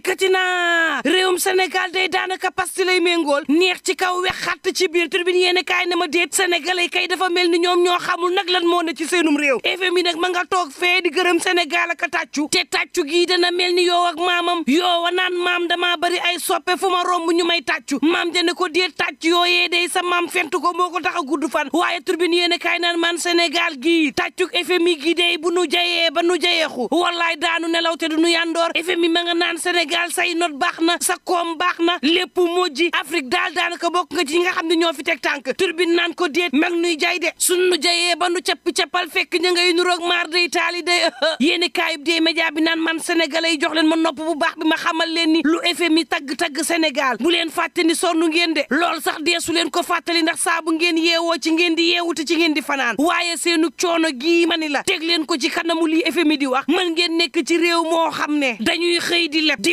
dikkati naa réewum Sénégal day daanaka pasti lay méngool neex ci kaw wex ci biir turbine yéen kaay na ma déet sénégalais kay dafa mel ni ñoom ñoo xamul nag lan moo ne ci seenum réew FMI nag ma nga toog fee di gërëm Sénégal ak a tàccu te tàccu gii dana mel ni yow ak maamam yoowa naan maam damaa bari ay soppe fu ma romb ñu may tàccu maam jënd ko déet tàcc yooyee day sa maam fent ko moo ko tax a gudd fan waaye turbine yéen kaay naan man Sénégal gii tàccuk FMI gii day bu nu jayee ba nu jayeexu wallaay daanu nelaw te du nu yandoor FMI ma nga naan Sénégal Sénégal say not baax na sa koom baax na lépp moo ji Afrique daal daanaka bokk nga ci nga xam ne ñoo fi teg tànk turbine nan ko déet mag nuy jaay de suñ nu jayee ba nu cappi cappal fekk ña ngay nuroog maar day taali day yéeni kaayub dee média bi naan man senegal yi jox leen ma nopp bu baax bi ma xamal leen ni lu FMI tagg-tagg senegal bu leen fàtte ni sonn ngeen de lool sax deesu leen ko fàttali ndax saabu ngeen yeewoo ci ngeen di yeewute ci ngeen di fanaan waaye seenu coono gii ma ni la teg leen ko ci kanamu lii FMI di wax mën ngeen nekk ci réew moo xam ne dañuy xëy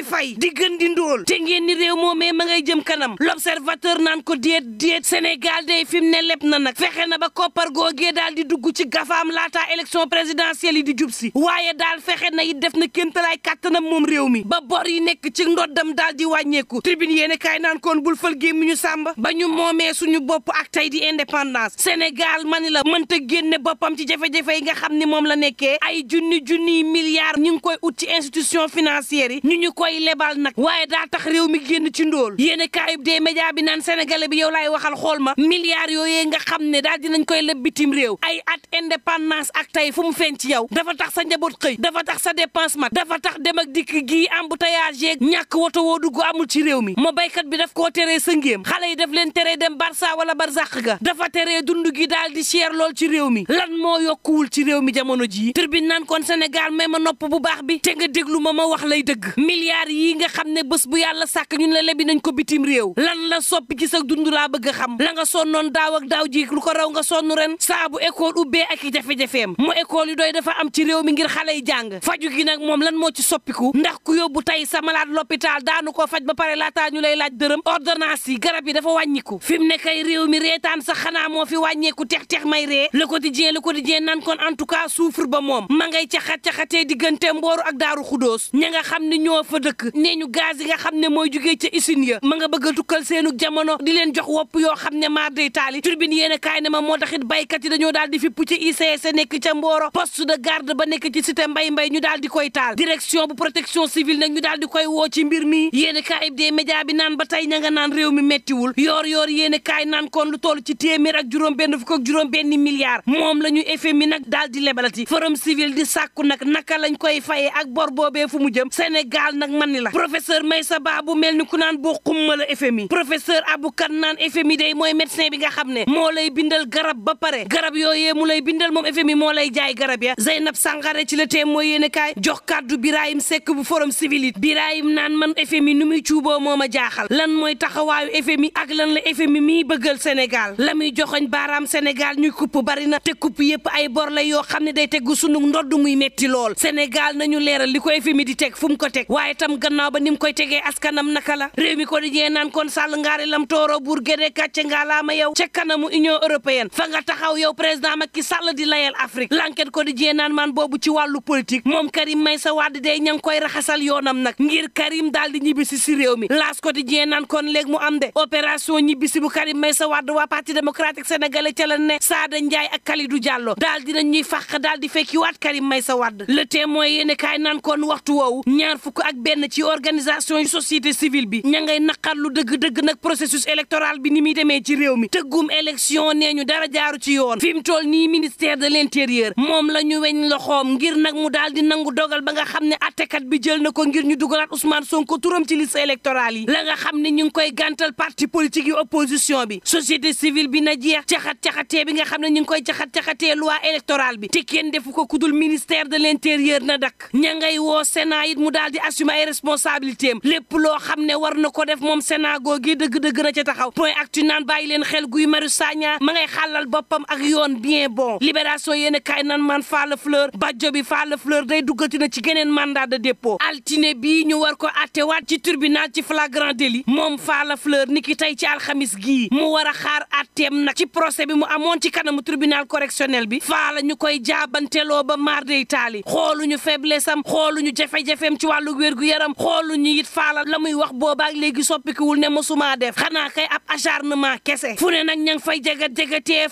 fay di gën di ndóol te ngeen ni réew moomee ma ngay jëm kanam l'observateur naan ko déet déet Sénégal day fi mu ne lépp na nag fexe na ba koppar googee daal di dugg ci gafaam laata élection présidentielle yi di jub si waaye dal fexe na it def na kéemtalaay kàttanam moom réew mi ba bor yi nekk ci ndoddam daal di wàññeeku tribune yéene kaay naan kon bul fël gémmi ñu sàmba ba ñu moomee suñu bopp ak tey di indépendance Sénégal mani la mënta génne boppam ci jafe-jafe yi nga xam ni moom la nekkee ay junni junni milliards ñu ngi koy ut ci institution financière yi lebal nag waaye daa tax réew mi génn ci ndóol yéene kaayub dee média bi naan sénégalais bi yow laay waxal xool ma milliards yooyee nga xam ne daal dinañ koy leb bitim réew ay at indépendance ak tey fu mu feeñ ci yow dafa tax sa njaboot xëy dafa tax sa dépense mat dafa tax dem ak dikk gii embouteillage yeeg ñàkk woto woo dugg amul ci réew mi ma béykat bi daf koo teree sa xale yi daf leen teree dem Barça wala Barzak ga dafa teree dund gi daal di cher lool ci réew mi lan moo yokkuwul ci réew mi jamono jii tur naan kon Sénégal may ma nopp bu baax bi te nga déglu ma ma wax lay dëgg milliards milliards yi nga xam ne bés bu yàlla sàkk ñun la lebi nañ ko bitim réew lan la soppi ci sa dund laa bëgg a xam la nga sonnoon daaw ak daaw ji lu ko raw nga sonn ren saabu bu école ubbee ak i jafe-jafeem mu école yi doy dafa am ci réew mi ngir xale yi jàng faju gi nag moom lan moo ci soppiku ndax ku yóbbu tey sa malade l'hôpital daanu ko faj ba pare laataa ñu lay laaj dërëm ordonnance yi garab yi dafa wàññiku fi mu ne kay réew mi reetaan sax xanaa moo fi wàññeeku tex tex may ree le quotidien le quotidien nan kon en tout cas souffre ba moom ma ngay caxat caxatee diggante mbooru ak daaru xudóos ña dëkk nee ñu gaz yi nga xam ne mooy jugee ca usine ya ma nga bëgg a tukkal seenu jamono di leen jox wopp yoo xam ne maar day taali turbine yéen a kaay ne ma moo taxit baykat yi dañoo daal di fipp ci ICS nekk ca Mboro poste de garde ba nekk ci cité mbay mbay ñu daal di koy taal direction bu protection civile nag ñu daal di koy woo ci mbir mi yéen a kaay des média bi naan ba tey ña nga naan réew mi mettiwul yoor yoor yéene a kaay naan kon lu toll ci téeméer ak juróom benn fukk ak juróom benn milliard moom la ñu FMI nag daal di lebalati forum civil di sàkku nag naka lañ koy fayee ak bor boobee fu mu jëm Sénégal nag sonni la professeur Maysa Ba bu mel ku naan boo xumma la FMI Kan naan day mooy médecin bi nga xam ne moo lay bindal garab ba pare garab yooyee mu lay bindal moom FMI moo lay jaay garab ya Zeynab Sangaré ci la tee mooy yéene kaay jox kàddu Birahim Seck bu forum civil it Birahim naan man FMI nu muy cuuboo moom a jaaxal lan mooy taxawaayu FMI ak lan la FMI miy bëggal Sénégal la muy joxoñ baaraam senegal ñuy kupp bari na te kupp yëpp ay bor la yoo xam ne day teggu sunu ndodd muy metti lool Sénégal nañu leeral li woon gannaaw ba ni mu koy tegee askanam naka la réew mi ko di jee naan kon sàll ngaari lam tooro buur gédee kàcce ngaa laa ma yow ca kanamu union européenne fa nga taxaw yow président Macky Sall di layal Afrique l'enquête ko di jee naan man boobu ci wàllu politique moom Karim Meïssa Wade day ña ngi koy raxasal yoonam nag ngir Karim daal ñibbisi si réew mi laas ko di jee naan kon léegi mu am de opération ñibbisi bu Karim Meïssa Wade waa parti démocratique sénégalais ca la ne Sada Ndiaye daal di fekki waat Karim Meïssa Wade le témoin yéene kaay naan kon waxtu woowu ñaar yenn ci organisation yu société civile bi ña ngay lu dëgg-dëgg nag processus électoral bi ni muy demee ci réew mi tëggum élection nee ñu dara jaaru ci yoon fi mu toll nii ministère de l'intérieur moom la ñu weñ loxoom ngir nag mu daal di nangu dogal ba nga xam ne attekat bi jël na ko ngir ñu dugalaat Ousmane Sonko turam ci liste électorale yi la nga xam ne ñu ngi koy gantal parti politique yu opposition bi société civile bi na jeex caxat caxatee bi nga xam ne ñu ngi koy caxat caxatee loi électorale bi te kenn defu ko kudul ministère de l'intérieur na dakk ña ngay woo Sénat it mu responsabilité am lépp loo xam ne war na ko def moom Sénat googu dëgg-dëgg na ca taxaw point actu naan bàyyi leen xel Guy Marius Sagna ma ngay xàllal boppam ak yoon bien bon libération yéen kaay nan man Falla Fleur bajjo bi Falla Fleur day duggati na ci geneen mandat de dépôt altine bi ñu war ko attewaat ci tribunal ci flagrant délit moom Falla Fleur ni ki tey ci alxamis gi mu war a xaar atteem nag ci procès bi mu amoon ci kanamu tribunal correctionnel bi Falla ñu koy jaabanteloo ba maar day taali xooluñu ci wàllu wér gu yaram yaram la wax boobaak léegi soppikuwul ne mosuma def xanaa kay ab acharnement kese fu ne nag ña ngi fay jagat jagatee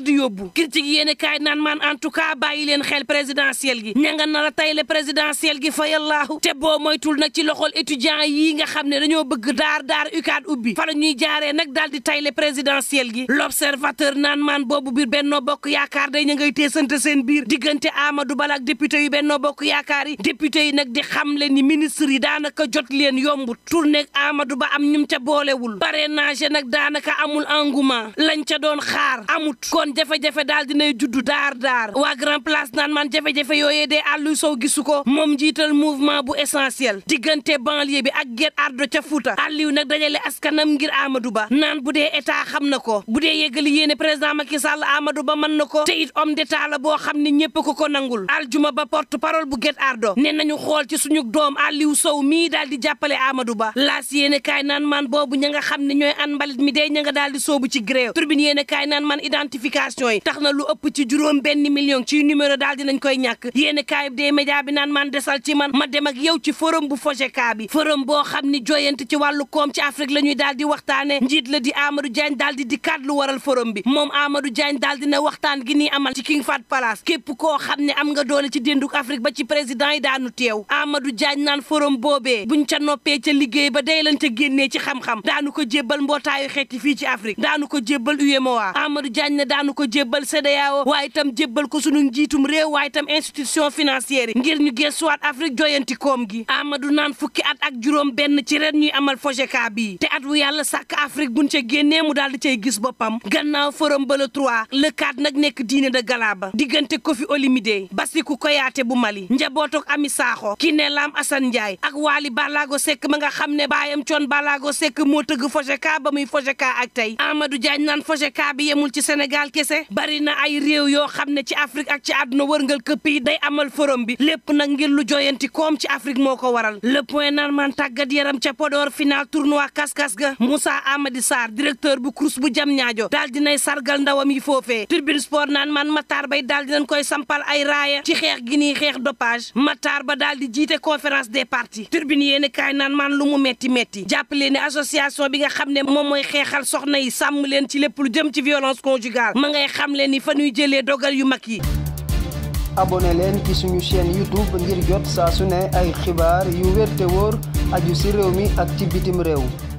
di yóbbu critique yéen kaay naan man en tout cas bàyyi leen xel présidentiel gi ña nga nar a tayle présidentiel gi fa yallaahu te boo moytul nag ci loxol étudiant yi nga xam ne dañoo bëgg daar daar ukaat ubbi fa ñuy jaaree nag dal di tayle présidentiel gi l'observateur naan man boobu biir bennoo bokk yaakaar day ña ngay teesante seen biir diggante Amadou Ba ak député yu bennoo bokk yaakaar yi député yi nag di xamle ni ministre ministre daanaka jot leen yomb tourné amadu Ba am ñum ca boolewul parrainage nag daanaka amul engouement lañ ca doon xaar amut kon jafe-jafe daal dinay juddu daar daar waa grand place naan man jafe-jafe yooyee dee àlluy sow gisu ko moom njiital mouvement bu essanciel diggante banlieue bi ak Guet Ardo ca Fouta Aliou nag dajale nam ngir amadu Ba naan bu dee état xam na ko bu dee yeggali yéene président Macky Sall amadu Ba man na ko te it homme d'état la boo xam ne ñépp ko ko nangul aljuma ba porte parole bu Guet Ardo nee nañu xool ci suñu doom Aliou Sow di jàppale Amadou Ba laas yéene kaay ne ñooy an mbalit mi day daal di soobu ci gréew turbine yéene kaay naan man yi tax na lu ëpp ci juróom benn million ci numéro daal dinañ koy ñàkk yéene kaay des média bi naan man desal ci man ma dem ak yow ci forum bu FOGECA bi forum boo xam ni joyante ci wàllu koom ci Afrique la ñuy daal di waxtaane njiit la di Amadou Diagne daal di di kaat lu waral forum bi moom Amadou Diagne daal di na waxtaan gi ni amal ci King Fahd Palace képp koo xam ne am nga doole ci dénduk Afrique ba ci président yi daanu teew Amadou Diagne naan forum boobee buñ ca noppee ca liggéey ba day lan ca génnee ci xam-xam daanu ko jébbal mbootaayu xeeti fii ci Afrique daanu ko jébbal UEMOA Amadou Diagne ne daanu ko jébbal CEDEAO waaye itam jébbal ko sunu njiitum réew waaye tam institution financière yi ngir ñu gestuwaat Afrique joyanti koom gi amadu naan fukki at ak juróom benn ci reen ñuy amal FOGECA bii te at wu yàlla sàkk Afrique buñ ca génnee mu daal di cay gis boppam gannaaw forum ba le 3 le 4 nekk diine de Galaba diggante Kofi Olomidé Bassirou Koyaté bu Mali njabootuk Ami Sakho Kiné Lam Ndiaye ak Waly sekk Seck ma nga xam ne baayam coon Ballago Seck moo tëgg Fojeka ba muy Fojeka ak tey Amadou Diagne naan Fojeka bi yemul ci Sénégal kese bari na ay réew yoo xam ne ci Afrique ak ci àdduna wërngal këpp yi day amal forum bi lépp nag ngir lu joyanti koom ci Afrique moo ko waral le point naan man tàggat yaram ca Podor final tournoi kas-kas ga Moussa Amadi Sarr directeur bu CROUS bu jam ñaajo daal dinay sargal ndawam yi foofee tribune sport naan man Matar Bay daal dinañ koy sampal ay raaya ci xeex gi nii xeex dopage Matar Ba daal di jiite conférence des parti turbine yéen kaay naan maan lu mu metti metti jàppale ni association bi nga xam ne moom mooy xeexal soxna yi sàmm leen ci lépp lu jëm ci violence conjugale ma ngay xam leen ni fa ñuy jëlee dogal yu mag yi abonné leen ci suñu chaîne youtube ngir jot saa su ne ay xibaar yu wér te wóor aju si réew mi ak ci bitim réew